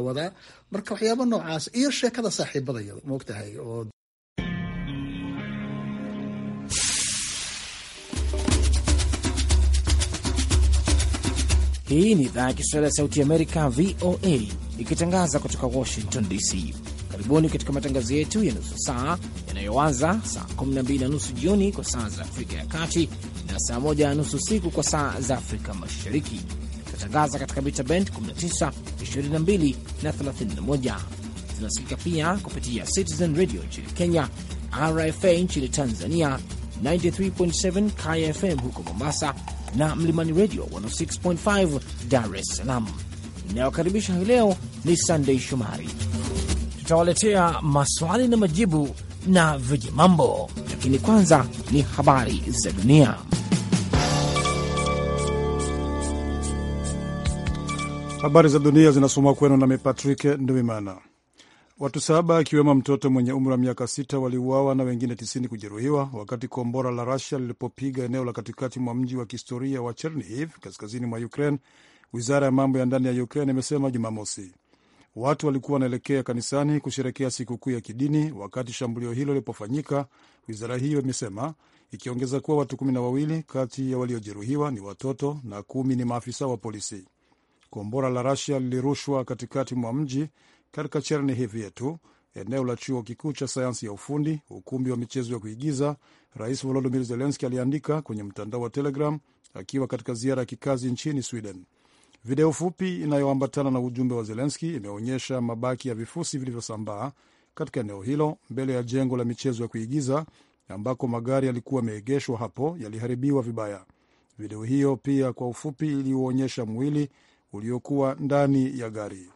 wadaa marka waxyaaba noocaas iyo sheekada saaxiibadayada iyada oo Hii ni idhaa ya Kiswahili ya Sauti Amerika, VOA, ikitangaza kutoka Washington DC. Karibuni katika matangazo yetu ya nusu saa yanayoanza saa 12 na nusu jioni kwa saa za Afrika ya Kati na saa 1 na nusu usiku kwa saa za Afrika Mashariki Tunatangaza katika mita bend 19, 22 na 31. Tunasikika pia kupitia Citizen Radio nchini Kenya, RFA nchini Tanzania, 93.7 KFM huko Mombasa na Mlimani Radio 106.5 Dar es Salaam. Inayokaribisha hii leo ni Sandei Shomari. Tutawaletea maswali na majibu na vijimambo, lakini kwanza ni habari za dunia. Habari za dunia zinasomwa kwenu nami Patrick Ndwimana. Watu saba akiwemo mtoto mwenye umri wa miaka sita waliuawa na wengine tisini kujeruhiwa wakati kombora la Rusia lilipopiga eneo la katikati mwa mji wa kihistoria wa Chernihiv kaskazini mwa Ukraine. Wizara ya mambo ya ndani ya Ukraine imesema Jumamosi watu walikuwa wanaelekea kanisani kusherekea sikukuu ya kidini wakati shambulio hilo lilipofanyika, wizara hiyo imesema, ikiongeza kuwa watu kumi na wawili kati ya waliojeruhiwa ni watoto na kumi ni maafisa wa polisi. Kombora la Rasia lilirushwa katikati mwa mji katika Chernihiv yetu, eneo la chuo kikuu cha sayansi ya ufundi, ukumbi wa michezo ya kuigiza. Rais Volodimir Zelenski aliandika kwenye mtandao wa Telegram akiwa katika ziara ya kikazi nchini Sweden. Video fupi inayoambatana na ujumbe wa Zelenski imeonyesha mabaki ya vifusi vilivyosambaa katika eneo hilo mbele ya jengo la michezo ya kuigiza ambako magari yalikuwa yameegeshwa hapo yaliharibiwa vibaya. Video hiyo pia kwa ufupi iliuonyesha mwili uliokuwa ndani ya gari.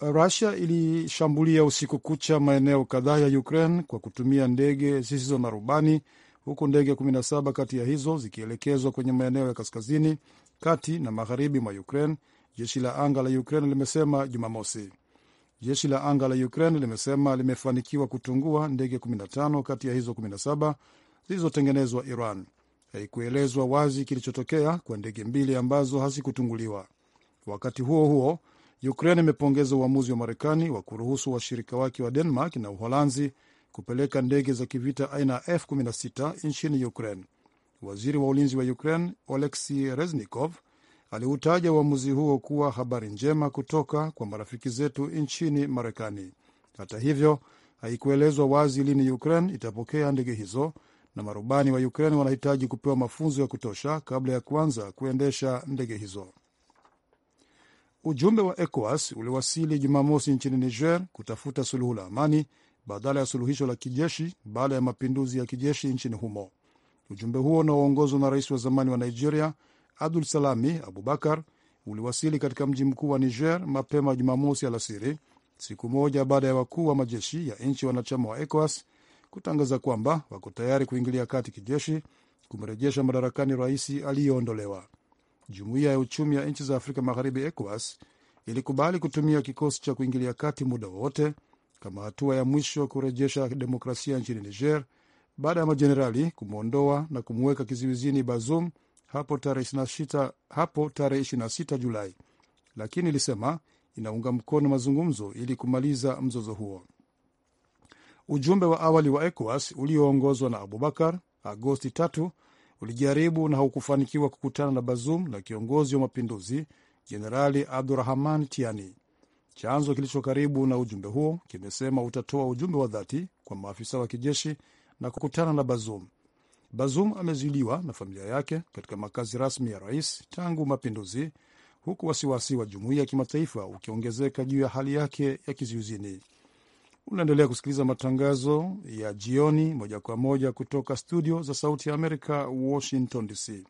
Rusia ilishambulia usiku kucha maeneo kadhaa ya Ukraine kwa kutumia ndege zisizo na rubani, huku ndege 17 kati ya hizo zikielekezwa kwenye maeneo ya kaskazini, kati na magharibi mwa Ukraine, jeshi la anga la Ukraine limesema Jumamosi. Jeshi la anga la Ukraine limesema limefanikiwa kutungua ndege 15 kati ya hizo 17 zilizotengenezwa Iran haikuelezwa wazi kilichotokea kwa ndege mbili ambazo hazikutunguliwa. Wakati huo huo, Ukraine imepongeza uamuzi wa Marekani wa kuruhusu washirika wake wa Denmark na Uholanzi kupeleka ndege za kivita aina ya F16 nchini Ukraine. Waziri wa ulinzi wa Ukraine Oleksi Reznikov aliutaja uamuzi huo kuwa habari njema kutoka kwa marafiki zetu nchini Marekani. Hata hivyo, haikuelezwa wazi lini Ukraine itapokea ndege hizo na marubani wa Ukraine wanahitaji kupewa mafunzo ya kutosha kabla ya kuanza kuendesha ndege hizo. Ujumbe wa ECOWAS uliwasili Jumamosi nchini Niger kutafuta suluhu la amani badala ya suluhisho la kijeshi baada ya mapinduzi ya kijeshi nchini humo. Ujumbe huo unaoongozwa na rais wa zamani wa Nigeria Abdul Salami Abubakar uliwasili katika mji mkuu wa Niger mapema Jumamosi alasiri, siku moja baada ya wakuu wa majeshi ya nchi wanachama wa ECOWAS kutangaza kwamba wako tayari kuingilia kati kijeshi kumrejesha madarakani rais aliyeondolewa. Jumuiya ya uchumi ya nchi za Afrika Magharibi, ECOWAS, ilikubali kutumia kikosi cha kuingilia kati muda wowote kama hatua ya mwisho kurejesha demokrasia nchini Niger baada ya majenerali kumwondoa na kumweka kizuizini Bazoum hapo tarehe 26 Julai, lakini ilisema inaunga mkono mazungumzo ili kumaliza mzozo huo. Ujumbe wa awali wa ECOWAS ulioongozwa na Abubakar Agosti tatu ulijaribu na haukufanikiwa kukutana na Bazoum na kiongozi wa mapinduzi Jenerali Abdurahman Tiani. Chanzo kilicho karibu na ujumbe huo kimesema utatoa ujumbe wa dhati kwa maafisa wa kijeshi na kukutana na Bazoum. Bazoum amezuiliwa na familia yake katika makazi rasmi ya rais tangu mapinduzi, huku wasiwasi wa jumuiya ya kimataifa ukiongezeka juu ya hali yake ya kizuizini. Unaendelea kusikiliza matangazo ya jioni moja kwa moja kutoka studio za Sauti ya Amerika, Washington DC.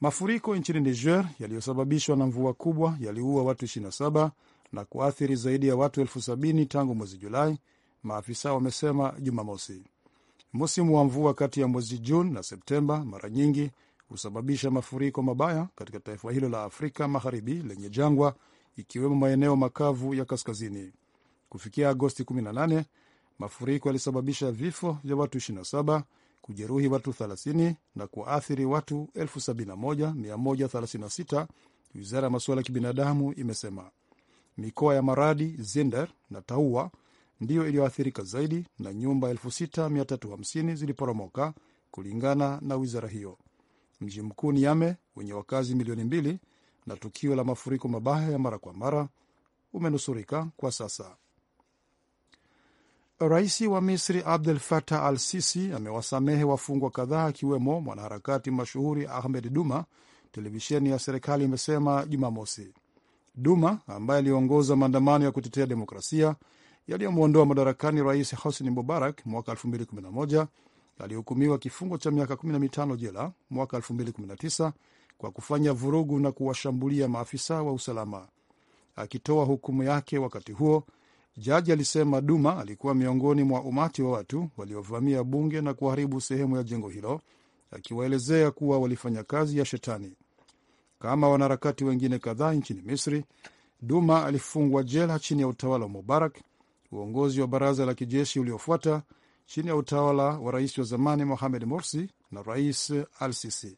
Mafuriko nchini Niger yaliyosababishwa na mvua kubwa yaliua watu 27 na kuathiri zaidi ya watu elfu sabini tangu mwezi Julai, maafisa wamesema Jumamosi. Msimu wa mvua kati ya mwezi Juni na Septemba mara nyingi husababisha mafuriko mabaya katika taifa hilo la Afrika Magharibi lenye jangwa, ikiwemo maeneo makavu ya kaskazini. Kufikia Agosti 18, mafuriko yalisababisha vifo vya watu 27, kujeruhi watu 30 na kuwaathiri watu 71136, wizara ya masuala ya kibinadamu imesema. Mikoa ya Maradi, Zinder na Taua ndiyo iliyoathirika zaidi na nyumba 6350 ziliporomoka kulingana na wizara hiyo. Mji mkuu Niame wenye wakazi milioni mbili na tukio la mafuriko mabaya ya mara kwa mara umenusurika kwa sasa. Rais wa Misri Abdel Fattah al Sisi amewasamehe wafungwa kadhaa akiwemo mwanaharakati mashuhuri Ahmed Duma, televisheni ya serikali imesema Jumamosi. Duma ambaye aliongoza maandamano ya kutetea demokrasia yaliyomwondoa madarakani rais Hosni Mubarak mwaka 2011 alihukumiwa kifungo cha miaka 15 jela mwaka 2019 kwa kufanya vurugu na kuwashambulia maafisa wa usalama. Akitoa hukumu yake wakati huo, Jaji alisema Duma alikuwa miongoni mwa umati wa watu waliovamia bunge na kuharibu sehemu ya jengo hilo, akiwaelezea kuwa walifanya kazi ya shetani. Kama wanaharakati wengine kadhaa nchini Misri, Duma alifungwa jela chini ya utawala wa Mubarak, uongozi wa baraza la kijeshi uliofuata chini ya utawala wa rais wa zamani Mohamed Morsi na rais Al Sisi.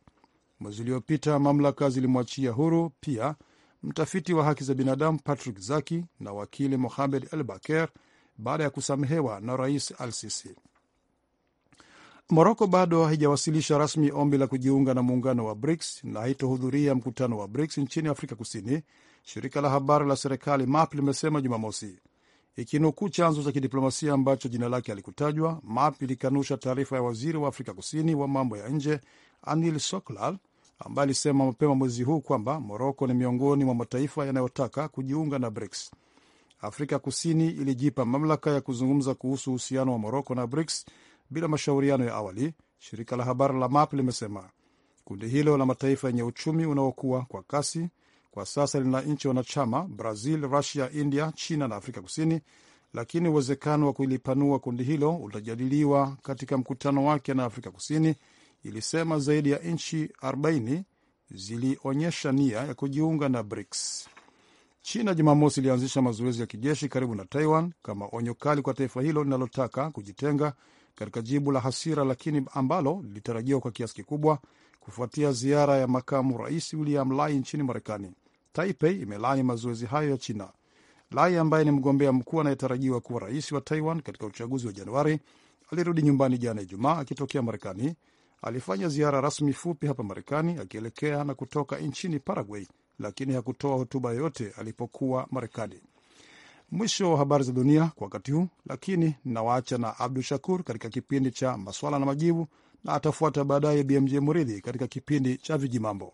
Mwezi uliopita mamlaka zilimwachia huru pia mtafiti wa haki za binadamu Patrick Zaki na wakili Mohamed El Baker baada ya kusamehewa na Rais Al Sisi. Moroko bado haijawasilisha rasmi ombi la kujiunga na muungano wa BRICS na haitohudhuria mkutano wa BRICS nchini Afrika Kusini, shirika la habari la serikali MAP limesema Jumamosi, ikinukuu chanzo cha kidiplomasia ambacho jina lake alikutajwa. MAP ilikanusha taarifa ya waziri wa Afrika Kusini wa mambo ya nje Anil Soklal ambaye alisema mapema mwezi huu kwamba Moroko ni miongoni mwa mataifa yanayotaka kujiunga na BRICS. Afrika Kusini ilijipa mamlaka ya kuzungumza kuhusu uhusiano wa Moroko na BRICS bila mashauriano ya awali, shirika la habari la MAP limesema. Kundi hilo la mataifa yenye uchumi unaokuwa kwa kasi kwa sasa lina nchi wanachama Brazil, Rusia, India, China na Afrika Kusini, lakini uwezekano wa kulipanua kundi hilo utajadiliwa katika mkutano wake na Afrika Kusini ilisema zaidi ya nchi 40 zilionyesha nia ya kujiunga na BRICS. China Jumamosi ilianzisha mazoezi ya kijeshi karibu na Taiwan kama onyo kali kwa taifa hilo linalotaka kujitenga, katika jibu la hasira lakini ambalo lilitarajiwa kwa kiasi kikubwa kufuatia ziara ya makamu rais William Lai nchini Marekani. Taipei imelaani mazoezi hayo ya China. Lai ambaye ni mgombea mkuu anayetarajiwa kuwa rais wa Taiwan katika uchaguzi wa Januari alirudi nyumbani jana Ijumaa akitokea Marekani alifanya ziara rasmi fupi hapa Marekani akielekea na kutoka nchini Paraguay, lakini hakutoa hotuba yoyote alipokuwa Marekani. Mwisho wa habari za dunia kwa wakati huu, lakini nawaacha na Abdu Shakur katika kipindi cha maswala na majibu, na atafuata baadaye BMJ Muridhi katika kipindi cha vijimambo.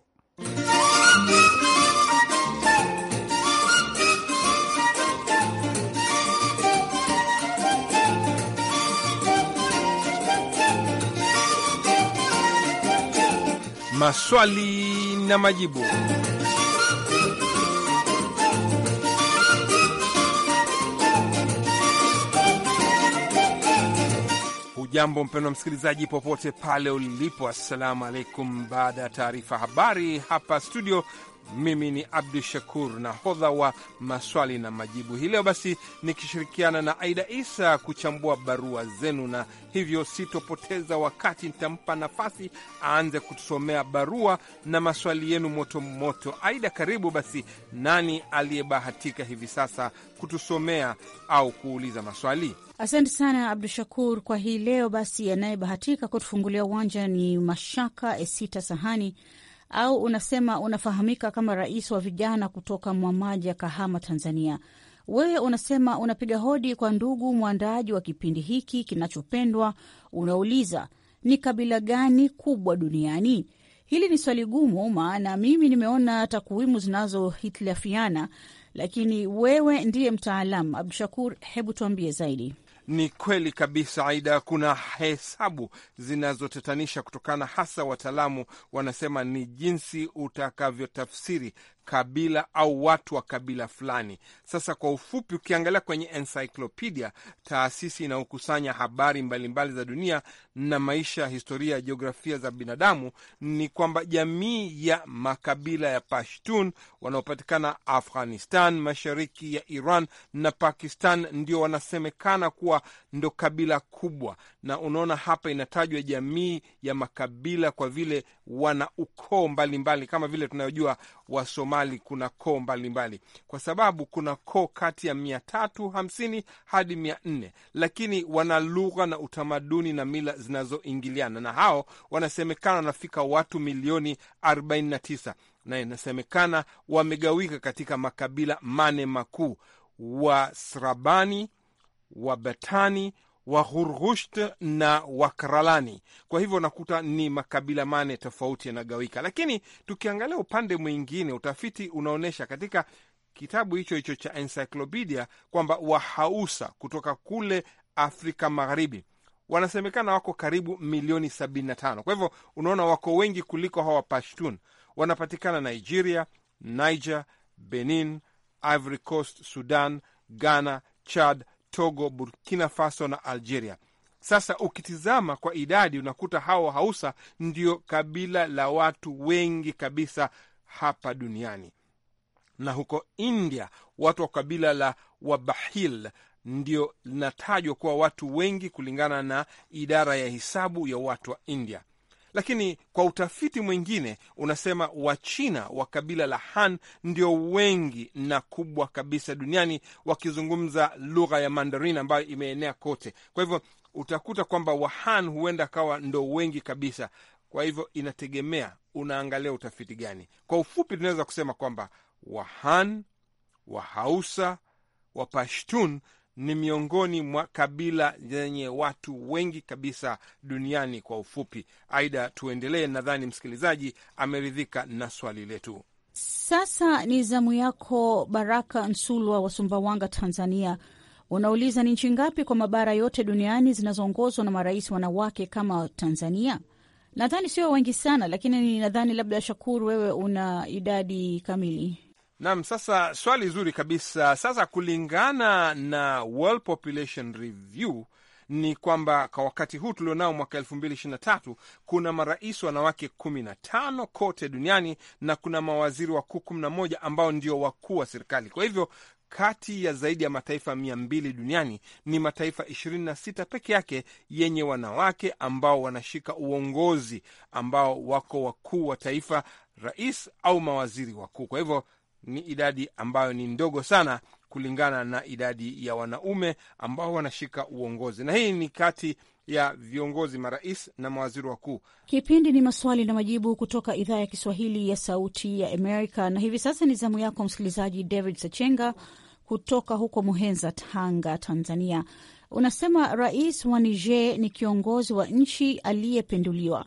maswali na majibu. Jambo mpendwa msikilizaji, popote pale ulipo, assalamu alaikum. Baada ya taarifa habari hapa studio, mimi ni Abdu Shakur, nahodha wa maswali na majibu hii leo, basi nikishirikiana na Aida Isa kuchambua barua zenu, na hivyo sitopoteza wakati, nitampa nafasi aanze kutusomea barua na maswali yenu moto moto. Aida, karibu. Basi, nani aliyebahatika hivi sasa kutusomea au kuuliza maswali? Asante sana Abdu Shakur kwa hii leo. Basi, anayebahatika kutufungulia uwanja ni Mashaka Esita Sahani au unasema unafahamika kama rais wa vijana kutoka Mwamaja, Kahama, Tanzania. Wewe unasema unapiga hodi kwa ndugu mwandaaji wa kipindi hiki kinachopendwa. Unauliza ni kabila gani kubwa duniani? Hili ni swali gumu, maana mimi nimeona takwimu zinazohitilafiana, lakini wewe ndiye mtaalamu. Abdu Shakur, hebu tuambie zaidi. Ni kweli kabisa, Aida. Kuna hesabu zinazotatanisha kutokana, hasa wataalamu wanasema ni jinsi utakavyotafsiri kabila au watu wa kabila fulani. Sasa kwa ufupi, ukiangalia kwenye encyclopedia, taasisi inayokusanya habari mbalimbali mbali za dunia na maisha ya historia ya jiografia za binadamu, ni kwamba jamii ya makabila ya Pashtun wanaopatikana Afghanistan, mashariki ya Iran na Pakistan ndio wanasemekana kuwa ndo kabila kubwa, na unaona hapa inatajwa jamii ya makabila kwa vile wana ukoo mbalimbali kama vile tunayojua Wasoma Mali kuna koo mbalimbali, kwa sababu kuna koo kati ya mia tatu hamsini hadi mia nne lakini wana lugha na utamaduni na mila zinazoingiliana, na hao wanasemekana wanafika watu milioni 49 na inasemekana wamegawika katika makabila mane makuu: Wasrabani, Wabatani, Waghurghusht na Wakralani. Kwa hivyo unakuta ni makabila mane tofauti yanagawika, lakini tukiangalia upande mwingine, utafiti unaonyesha katika kitabu hicho hicho cha encyclopedia kwamba Wahausa kutoka kule Afrika Magharibi wanasemekana wako karibu milioni 75. Kwa hivyo unaona wako wengi kuliko hawa Pashtun. Wanapatikana Nigeria, Niger, Benin, Ivory Coast, Sudan, Ghana, Chad, Togo, Burkina Faso na Algeria. Sasa ukitizama kwa idadi unakuta hawa Hausa ndio kabila la watu wengi kabisa hapa duniani, na huko India watu wa kabila la Wabahil ndio linatajwa kuwa watu wengi kulingana na idara ya hisabu ya watu wa India. Lakini kwa utafiti mwingine unasema Wachina wa kabila la Han ndio wengi na kubwa kabisa duniani wakizungumza lugha ya Mandarin ambayo imeenea kote. Kwa hivyo utakuta kwamba Wahan huenda akawa ndo wengi kabisa. Kwa hivyo inategemea unaangalia utafiti gani. Kwa ufupi, tunaweza kusema kwamba Wahan, Wahausa, Wapashtun ni miongoni mwa kabila zenye watu wengi kabisa duniani kwa ufupi. Aida, tuendelee. Nadhani msikilizaji ameridhika na swali letu. Sasa ni zamu yako, Baraka Nsulwa wa Sumbawanga, Tanzania. Unauliza, ni nchi ngapi kwa mabara yote duniani zinazoongozwa na marais wanawake kama Tanzania? Nadhani sio wengi sana, lakini nadhani labda Shakuru, wewe una idadi kamili. Naam, sasa swali zuri kabisa. Sasa kulingana na World Population Review ni kwamba kwa wakati huu tulionao mwaka elfu mbili ishirini na tatu kuna marais wanawake kumi na tano kote duniani na kuna mawaziri wakuu kumi na moja ambao ndio wakuu wa serikali. Kwa hivyo kati ya zaidi ya mataifa mia mbili duniani ni mataifa ishirini na sita peke yake yenye wanawake ambao wanashika uongozi ambao wako wakuu wa taifa, rais au mawaziri wakuu. Kwa hivyo ni idadi ambayo ni ndogo sana kulingana na idadi ya wanaume ambao wanashika uongozi, na hii ni kati ya viongozi marais na mawaziri wakuu. Kipindi ni maswali na majibu kutoka idhaa ya Kiswahili ya Sauti ya Amerika, na hivi sasa ni zamu yako msikilizaji David Sechenga kutoka huko Muhenza, Tanga, Tanzania. Unasema rais wa Niger ni kiongozi wa nchi aliyepinduliwa.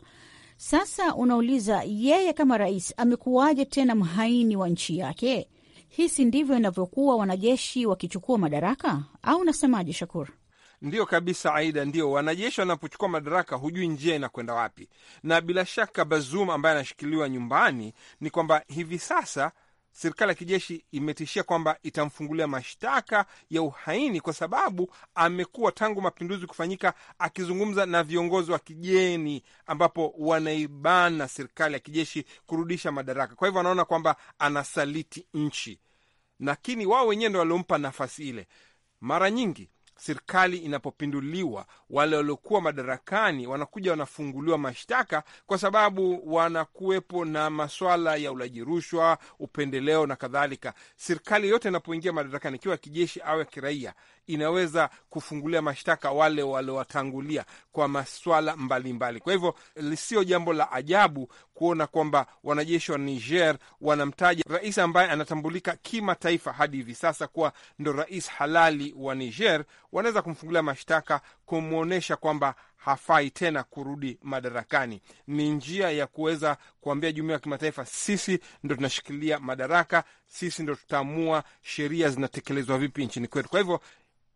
Sasa unauliza yeye kama rais amekuwaje tena mhaini wa nchi yake? Hisi ndivyo inavyokuwa wanajeshi wakichukua madaraka, au unasemaje, Shakur? Ndiyo kabisa, Aida. Ndio wanajeshi wanapochukua madaraka, hujui njia inakwenda wapi. Na bila shaka Bazum ambaye anashikiliwa nyumbani, ni kwamba hivi sasa serikali ya kijeshi imetishia kwamba itamfungulia mashtaka ya uhaini kwa sababu amekuwa tangu mapinduzi kufanyika akizungumza na viongozi wa kigeni, ambapo wanaibana serikali ya kijeshi kurudisha madaraka. Kwa hivyo wanaona kwamba anasaliti nchi, lakini wao wenyewe ndo waliompa nafasi ile. Mara nyingi serikali inapopinduliwa, wale waliokuwa madarakani wanakuja wanafunguliwa mashtaka kwa sababu wanakuwepo na maswala ya ulaji rushwa, upendeleo na kadhalika. Serikali yote inapoingia madarakani, ikiwa kijeshi au ya kiraia, inaweza kufungulia mashtaka wale waliowatangulia kwa maswala mbalimbali Kwa hivyo sio jambo la ajabu kuona kwamba wanajeshi wa Niger wanamtaja rais ambaye anatambulika kimataifa hadi hivi sasa kuwa ndo rais halali wa Niger, wanaweza kumfungulia mashtaka kumwonyesha kwamba hafai tena kurudi madarakani. Ni njia ya kuweza kuambia jumuiya ya kimataifa, sisi ndo tunashikilia madaraka, sisi ndo tutaamua sheria zinatekelezwa vipi nchini kwetu. Kwa hivyo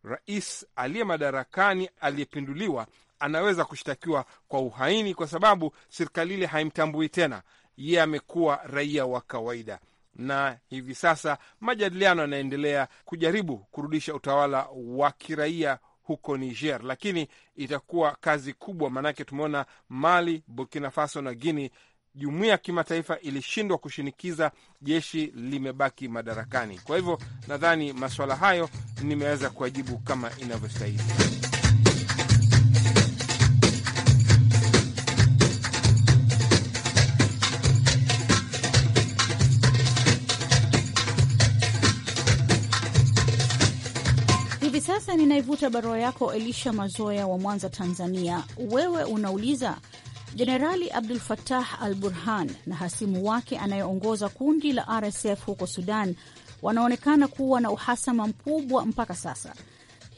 rais aliye madarakani aliyepinduliwa anaweza kushtakiwa kwa uhaini, kwa sababu serikali ile haimtambui tena, yeye amekuwa raia wa kawaida. Na hivi sasa majadiliano yanaendelea kujaribu kurudisha utawala wa kiraia huko Niger, lakini itakuwa kazi kubwa, maanake tumeona Mali, Burkina Faso na Guinea jumuiya ya kimataifa ilishindwa kushinikiza, jeshi limebaki madarakani. Kwa hivyo nadhani masuala hayo nimeweza kuwajibu kama inavyostahili. Hivi sasa ninaivuta barua yako Elisha Mazoya wa Mwanza, Tanzania. Wewe unauliza Jenerali Abdul fatah al Burhan na hasimu wake anayeongoza kundi la RSF huko Sudan wanaonekana kuwa na uhasama mkubwa mpaka sasa.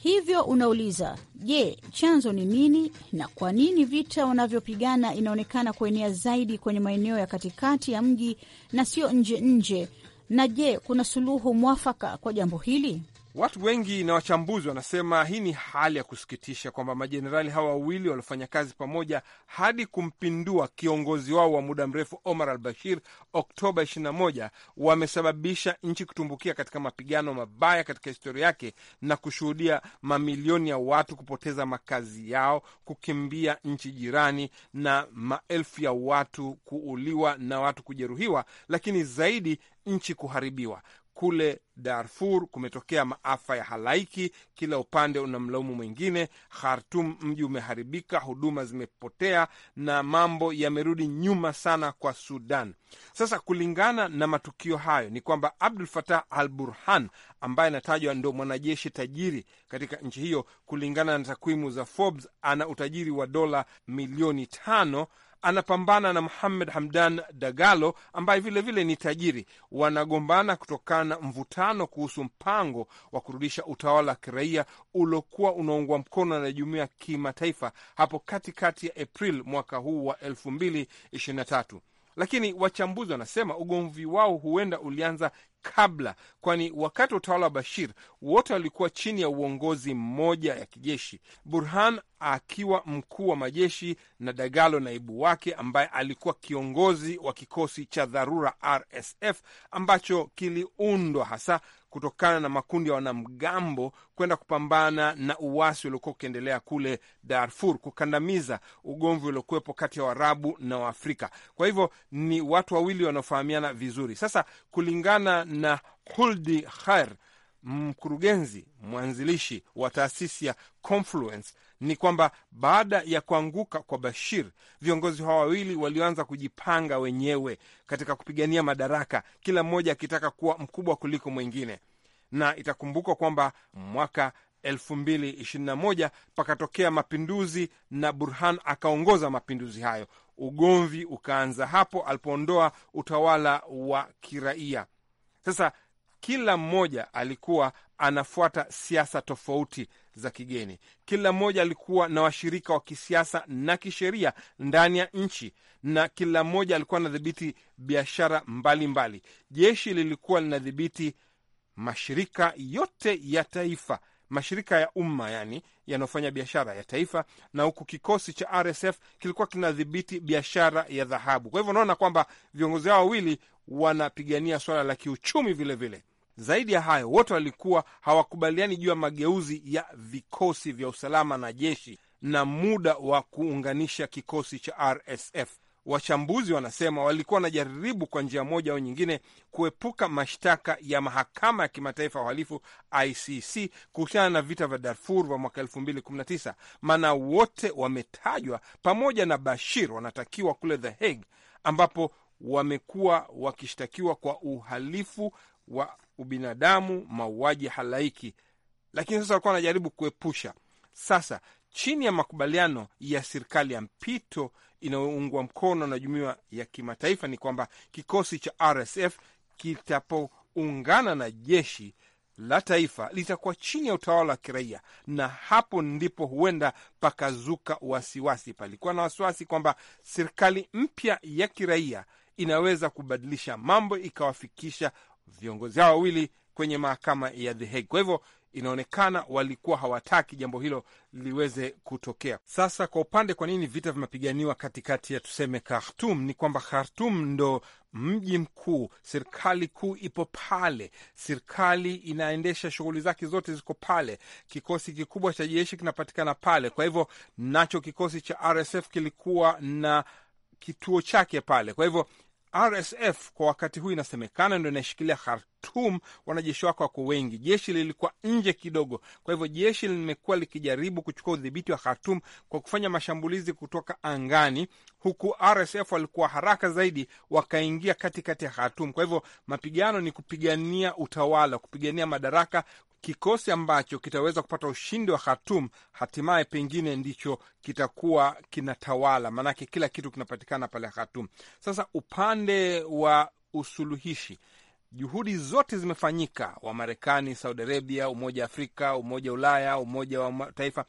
Hivyo unauliza, je, chanzo ni nini na kwa nini vita wanavyopigana inaonekana kuenea zaidi kwenye maeneo ya katikati ya mji na sio nje nje? Na je, kuna suluhu mwafaka kwa jambo hili? Watu wengi na wachambuzi wanasema hii ni hali ya kusikitisha kwamba majenerali hawa wawili waliofanya kazi pamoja hadi kumpindua kiongozi wao wa muda mrefu Omar al Bashir Oktoba 21 wamesababisha nchi kutumbukia katika mapigano mabaya katika historia yake na kushuhudia mamilioni ya watu kupoteza makazi yao, kukimbia nchi jirani, na maelfu ya watu kuuliwa na watu kujeruhiwa, lakini zaidi nchi kuharibiwa. Kule Darfur kumetokea maafa ya halaiki, kila upande unamlaumu mwingine. Khartum mji umeharibika, huduma zimepotea na mambo yamerudi nyuma sana kwa Sudan. Sasa kulingana na matukio hayo ni kwamba Abdul Fatah al Burhan ambaye anatajwa ndo mwanajeshi tajiri katika nchi hiyo, kulingana na takwimu za Forbes, ana utajiri wa dola milioni tano anapambana na Muhamed Hamdan Dagalo ambaye vilevile ni tajiri. Wanagombana kutokana na mvutano kuhusu mpango wa kurudisha utawala wa kiraia uliokuwa unaungwa mkono na jumuia ya kimataifa hapo katikati ya april mwaka huu wa 2023 lakini wachambuzi wanasema ugomvi wao huenda ulianza kabla, kwani wakati wa utawala wa Bashir wote walikuwa chini ya uongozi mmoja ya kijeshi, Burhan akiwa mkuu wa majeshi na Dagalo naibu wake, ambaye alikuwa kiongozi wa kikosi cha dharura RSF ambacho kiliundwa hasa kutokana na makundi ya wanamgambo kwenda kupambana na uwasi uliokuwa ukiendelea kule Darfur, kukandamiza ugomvi uliokuwepo kati ya Waarabu na Waafrika. Kwa hivyo ni watu wawili wanaofahamiana vizuri. Sasa kulingana na Huldi Khair mkurugenzi mwanzilishi wa taasisi ya Confluence ni kwamba baada ya kuanguka kwa Bashir, viongozi hawa wawili walioanza kujipanga wenyewe katika kupigania madaraka, kila mmoja akitaka kuwa mkubwa kuliko mwingine. Na itakumbukwa kwamba mwaka 2021 pakatokea mapinduzi na Burhan akaongoza mapinduzi hayo. Ugomvi ukaanza hapo alipoondoa utawala wa kiraia. Sasa kila mmoja alikuwa anafuata siasa tofauti za kigeni. Kila mmoja alikuwa na washirika wa kisiasa na kisheria ndani ya nchi, na kila mmoja alikuwa anadhibiti biashara mbalimbali. Jeshi lilikuwa linadhibiti mashirika yote ya taifa, mashirika ya umma, yani yanayofanya biashara ya taifa, na huku kikosi cha RSF kilikuwa kinadhibiti biashara ya dhahabu. Kwa hivyo unaona kwamba viongozi hao wawili wanapigania swala la kiuchumi vilevile vile. Zaidi ya hayo, wote walikuwa hawakubaliani juu ya mageuzi ya vikosi vya usalama na jeshi na muda wa kuunganisha kikosi cha RSF. Wachambuzi wanasema walikuwa wanajaribu kwa njia moja au nyingine kuepuka mashtaka ya mahakama ya kimataifa ya uhalifu ICC kuhusiana na vita vya Darfur vya mwaka 2019 maana wote wametajwa pamoja na Bashir wanatakiwa kule The Hague ambapo wamekuwa wakishtakiwa kwa uhalifu wa ubinadamu, mauaji halaiki, lakini sasa walikuwa wanajaribu kuepusha. Sasa chini ya makubaliano ya serikali ya mpito inayoungwa mkono na jumuiya ya kimataifa ni kwamba kikosi cha RSF kitapoungana na jeshi la taifa litakuwa chini ya utawala wa kiraia, na hapo ndipo huenda pakazuka wasiwasi. Palikuwa na wasiwasi kwamba serikali mpya ya kiraia inaweza kubadilisha mambo ikawafikisha viongozi hao wawili kwenye mahakama ya The Hague. Kwa hivyo inaonekana walikuwa hawataki jambo hilo liweze kutokea. Sasa kwa upande, kwa nini vita vimepiganiwa katikati ya tuseme Khartum? Ni kwamba Khartum ndo mji mkuu, serikali kuu ipo pale, serikali inaendesha shughuli zake zote ziko pale, kikosi kikubwa cha jeshi kinapatikana pale. Kwa hivyo nacho kikosi cha RSF kilikuwa na kituo chake pale, kwa hivyo RSF kwa wakati huu inasemekana ndo inashikilia Khartum, wanajeshi wake wako wengi. Jeshi lilikuwa nje kidogo, kwa hivyo jeshi limekuwa likijaribu kuchukua udhibiti wa Khartum kwa kufanya mashambulizi kutoka angani, huku RSF walikuwa haraka zaidi, wakaingia katikati ya Khartum. Kwa hivyo mapigano ni kupigania utawala, kupigania madaraka, kikosi ambacho kitaweza kupata ushindi wa Khartum hatimaye pengine ndicho kitakuwa kinatawala, maanake kila kitu kinapatikana pale Khartum. Sasa upande wa usuluhishi juhudi zote zimefanyika, wa marekani Saudi Arabia, Umoja wa Afrika, Umoja wa Ulaya, Umoja wa Mataifa,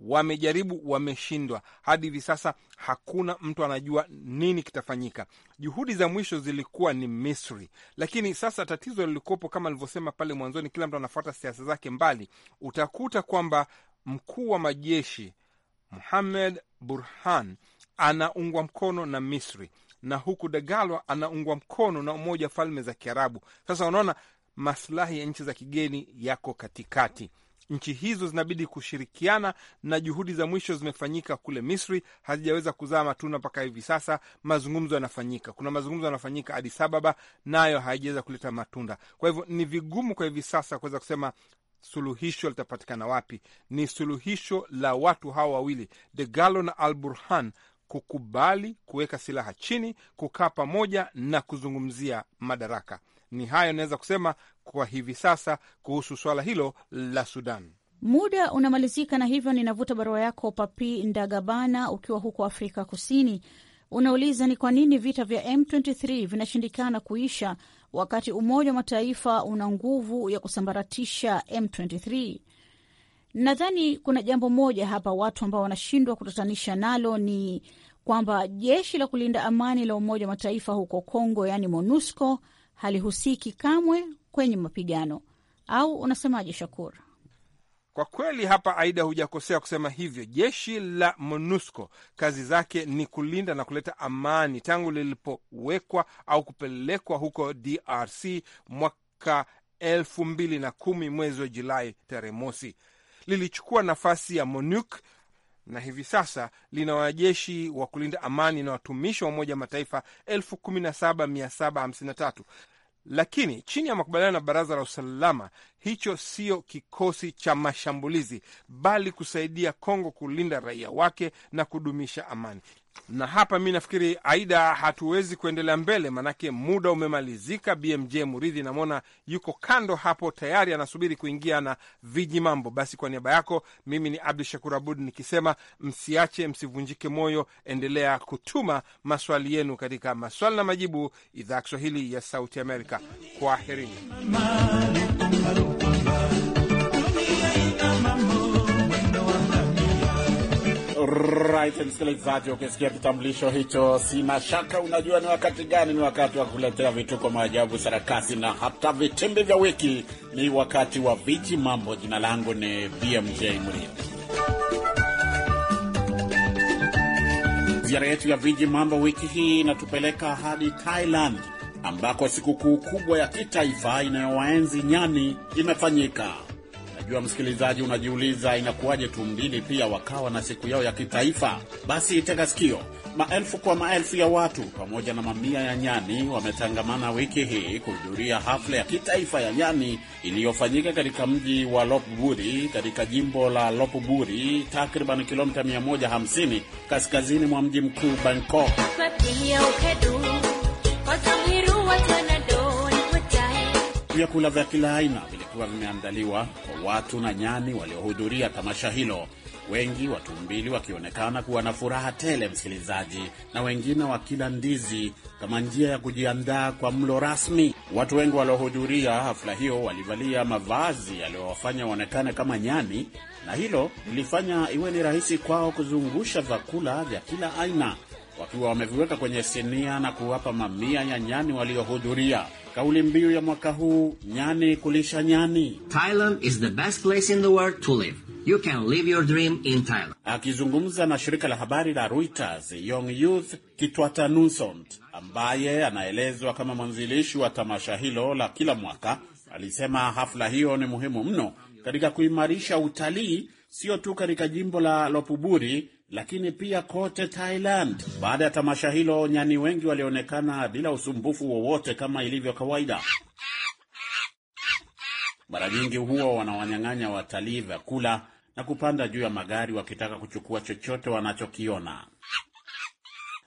Wamejaribu, wameshindwa. Hadi hivi sasa hakuna mtu anajua nini kitafanyika. Juhudi za mwisho zilikuwa ni Misri, lakini sasa tatizo lilikopo, kama alivyosema pale mwanzoni, kila mtu anafuata siasa zake mbali. Utakuta kwamba mkuu wa majeshi Muhamed Burhan anaungwa mkono na Misri na huku dagalwa anaungwa mkono na Umoja wa Falme za Kiarabu. Sasa unaona maslahi ya nchi za kigeni yako katikati nchi hizo zinabidi kushirikiana, na juhudi za mwisho zimefanyika kule Misri, hazijaweza kuzaa matunda mpaka hivi sasa. Mazungumzo yanafanyika, kuna mazungumzo yanafanyika Addis Ababa, nayo haijaweza kuleta matunda. Kwa hivyo ni vigumu kwa hivi sasa kuweza kusema suluhisho litapatikana wapi. Ni suluhisho la watu hawa wawili the Gallo na Al Burhan kukubali kuweka silaha chini, kukaa pamoja na kuzungumzia madaraka. Ni hayo naweza kusema kwa hivi sasa kuhusu swala hilo la Sudan. Muda unamalizika na hivyo ninavuta barua yako Papi Ndagabana, ukiwa huko Afrika Kusini. Unauliza ni kwa nini vita vya M23 vinashindikana kuisha wakati Umoja wa Mataifa una nguvu ya kusambaratisha M23. Nadhani kuna jambo moja hapa watu ambao wanashindwa kutatanisha nalo ni kwamba jeshi la kulinda amani la Umoja wa Mataifa huko Kongo, yaani MONUSCO halihusiki kamwe kwenye mapigano, au unasemaje Shakur? Kwa kweli hapa, Aida, hujakosea kusema hivyo. Jeshi la MONUSCO kazi zake ni kulinda na kuleta amani tangu lilipowekwa au kupelekwa huko DRC mwaka elfu mbili na kumi mwezi wa Julai tarehe mosi lilichukua nafasi ya MONUC na hivi sasa lina wanajeshi wa kulinda amani na watumishi wa Umoja wa Mataifa 17753 lakini chini ya makubaliano na Baraza la Usalama, hicho sio kikosi cha mashambulizi, bali kusaidia Kongo kulinda raia wake na kudumisha amani. Na hapa mi nafikiri, Aida, hatuwezi kuendelea mbele, manake muda umemalizika. BMJ Muridhi namwona yuko kando hapo tayari anasubiri kuingia na viji mambo. Basi kwa niaba yako mimi ni Abdu Shakur Abud nikisema msiache, msivunjike moyo, endelea kutuma maswali yenu katika maswali na majibu, idhaa ya Kiswahili ya Sauti Amerika. Kwaherini. Right, msikilizaji, ukisikia kitambulisho hicho, sina shaka unajua ni wakati gani. Ni wakati wa kuletea vituko, maajabu, sarakasi na hata vitimbi vya wiki. Ni wakati wa viji mambo. Jina langu ni BMJ Murithi. Ziara yetu ya viji mambo wiki hii inatupeleka hadi Thailand ambako sikukuu kubwa ya kitaifa inayowaenzi nyani imefanyika. Najua msikilizaji unajiuliza inakuwaje tumbili pia wakawa na siku yao ya kitaifa? Basi tega sikio. Maelfu kwa maelfu ya watu pamoja na mamia ya nyani wametangamana wiki hii kuhudhuria hafla ya kitaifa ya nyani iliyofanyika katika mji wa Lopburi katika jimbo la Lopburi, takriban kilomita 150 kaskazini mwa mji mkuu Bangkok. Vyakula vya kila aina vikiwa vimeandaliwa kwa watu na nyani waliohudhuria tamasha hilo, wengi watumbili wakionekana kuwa na furaha tele, msikilizaji, na wengine wakila ndizi kama njia ya kujiandaa kwa mlo rasmi. Watu wengi waliohudhuria hafla hiyo walivalia mavazi yaliyowafanya waonekane kama nyani, na hilo lilifanya iwe ni rahisi kwao kuzungusha vyakula vya kila aina wakiwa wameviweka kwenye sinia na kuwapa mamia ya nyani waliohudhuria. Kauli mbiu ya mwaka huu nyani kulisha nyani. Thailand is the best place in the world to live. You can live your dream in Thailand. Akizungumza na shirika la habari la Reuters, Young Youth Kitwata Nusont ambaye anaelezwa kama mwanzilishi wa tamasha hilo la kila mwaka alisema hafla hiyo ni muhimu mno katika kuimarisha utalii sio tu katika jimbo la Lopburi lakini pia kote Thailand. Baada ya tamasha hilo, nyani wengi walionekana bila usumbufu wowote kama ilivyo kawaida. Mara nyingi huwa wanawanyang'anya watalii vyakula na kupanda juu ya magari wakitaka kuchukua chochote wanachokiona.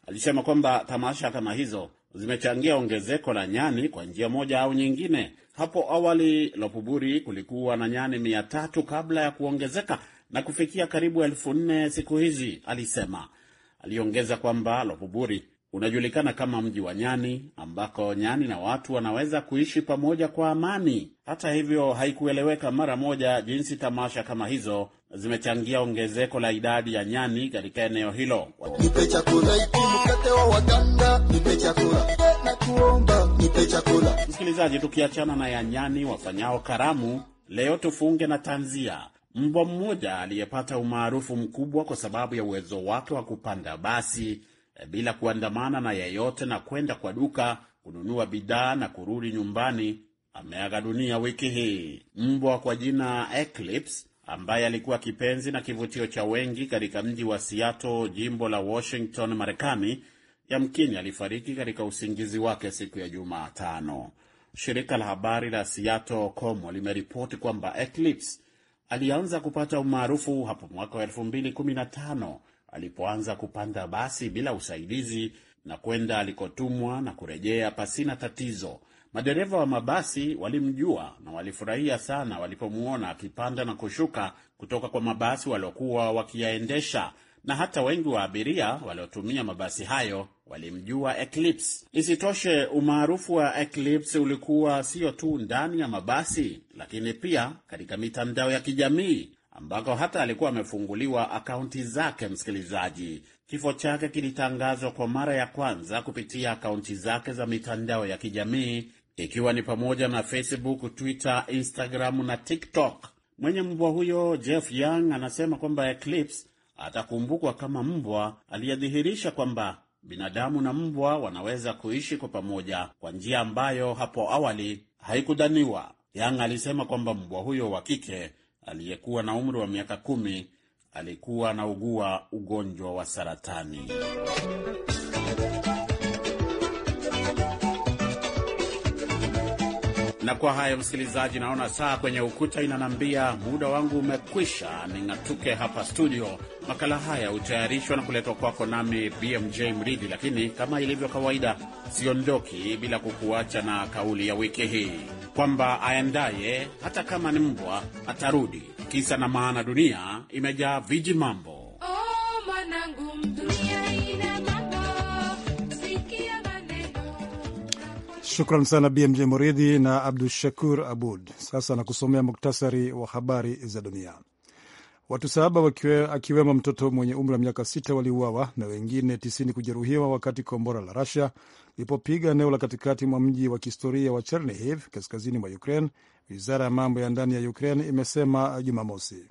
Alisema kwamba tamasha kama hizo zimechangia ongezeko la nyani kwa njia moja au nyingine. Hapo awali Lopburi kulikuwa na nyani mia tatu kabla ya kuongezeka na kufikia karibu elfu nne siku hizi, alisema. Aliongeza kwamba Lopburi unajulikana kama mji wa nyani, ambako nyani na watu wanaweza kuishi pamoja kwa amani. Hata hivyo, haikueleweka mara moja jinsi tamasha kama hizo zimechangia ongezeko la idadi ya nyani katika eneo hilo. Nipe chakula mkate wa Waganda, nipe chakula na kuomba, nipe chakula. Msikilizaji, tukiachana na ya nyani wafanyao karamu, leo tufunge na tanzia Mbwa mmoja aliyepata umaarufu mkubwa kwa sababu ya uwezo wake wa kupanda basi e, bila kuandamana na yeyote na kwenda kwa duka kununua bidhaa na kurudi nyumbani ameaga dunia wiki hii. Mbwa kwa jina Eclipse ambaye alikuwa kipenzi na kivutio cha wengi katika mji wa Seattle, jimbo la Washington, Marekani, yamkini alifariki katika usingizi wake siku ya Jumatano. Shirika la habari la Seattle Como limeripoti kwamba Eclipse Alianza kupata umaarufu hapo mwaka wa 2015 alipoanza kupanda basi bila usaidizi na kwenda alikotumwa na kurejea pasina tatizo. Madereva wa mabasi walimjua na walifurahia sana walipomwona akipanda na kushuka kutoka kwa mabasi waliokuwa wakiyaendesha na hata wengi wa abiria waliotumia mabasi hayo walimjua Eclipse. Isitoshe, umaarufu wa Eclipse ulikuwa sio tu ndani ya mabasi, lakini pia katika mitandao ya kijamii ambako hata alikuwa amefunguliwa akaunti zake. Msikilizaji, kifo chake kilitangazwa kwa mara ya kwanza kupitia akaunti zake za mitandao ya kijamii ikiwa ni pamoja na Facebook, Twitter, Instagram na TikTok. Mwenye mbwa huyo Jeff Young anasema kwamba Eclipse atakumbukwa kama mbwa aliyedhihirisha kwamba binadamu na mbwa wanaweza kuishi kwa pamoja kwa njia ambayo hapo awali haikudhaniwa. Yang alisema kwamba mbwa huyo wa kike aliyekuwa na umri wa miaka kumi alikuwa anaugua ugonjwa wa saratani. Na kwa hayo, msikilizaji, naona saa kwenye ukuta inanambia muda wangu umekwisha, ning'atuke hapa studio. Makala haya hutayarishwa na kuletwa kwako nami BMJ Mridhi, lakini kama ilivyo kawaida, siondoki bila kukuacha na kauli ya wiki hii kwamba aendaye hata kama ni mbwa atarudi. Kisa na maana, dunia imejaa viji mambo. Oh, Shukran sana BMJ Moridhi na Abdu Shakur Abud. Sasa nakusomea muktasari wa habari za dunia. Watu saba akiwemo mtoto mwenye umri wa miaka sita waliuawa na wengine tisini kujeruhiwa wakati kombora la Rusia lilipopiga eneo la katikati mwa mji wa kihistoria wa Chernihiv kaskazini mwa Ukraine, wizara ya mambo ya ndani ya Ukraine imesema Jumamosi.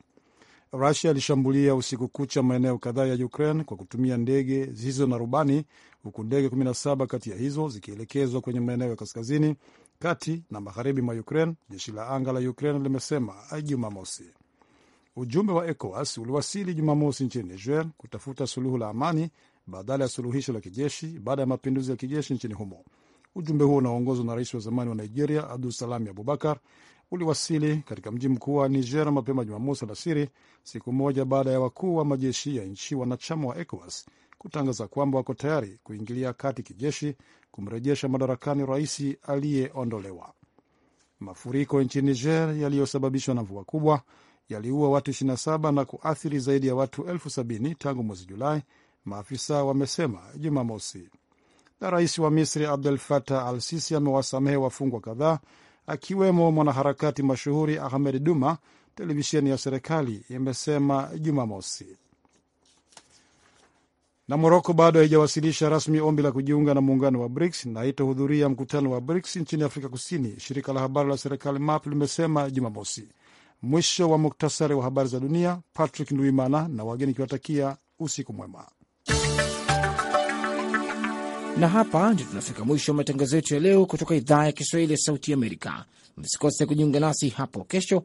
Rusia ilishambulia usiku kucha maeneo kadhaa ya Ukraine kwa kutumia ndege zisizo na rubani huku ndege 17 kati ya hizo zikielekezwa kwenye maeneo ya kaskazini, kati na magharibi mwa Ukraine, jeshi la anga la Ukraine limesema Jumamosi. Ujumbe wa ECOWAS uliwasili Jumamosi nchini Niger kutafuta suluhu la amani badala ya suluhisho la kijeshi baada ya mapinduzi ya kijeshi nchini humo. Ujumbe huo unaoongozwa na rais wa zamani wa Nigeria Abdusalami Abubakar uliwasili katika mji mkuu wa Niger mapema Jumamosi alasiri, siku moja baada ya wakuu wa majeshi ya nchi wanachama wa ECOWAS kutangaza kwamba wako tayari kuingilia kati kijeshi kumrejesha madarakani rais aliyeondolewa. Mafuriko nchini Niger yaliyosababishwa na mvua kubwa yaliua watu 27 na kuathiri zaidi ya watu elfu sabini tangu mwezi Julai, maafisa wamesema Jumamosi. Na rais wa Misri Abdel Fattah al Sisi amewasamehe wafungwa kadhaa akiwemo mwanaharakati mashuhuri Ahmed Duma, televisheni ya serikali imesema Jumamosi na Moroko bado haijawasilisha rasmi ombi la kujiunga na muungano wa BRICS na haitahudhuria mkutano wa BRICS nchini Afrika Kusini, shirika la habari la serikali MAP limesema Jumamosi. Mwisho wa muktasari wa habari za dunia. Patrick Nduimana na wageni ikiwatakia usiku mwema, na hapa ndio tunafika mwisho wa matangazo yetu ya leo kutoka idhaa ya Kiswahili ya Sauti Amerika. Msikose kujiunga nasi hapo kesho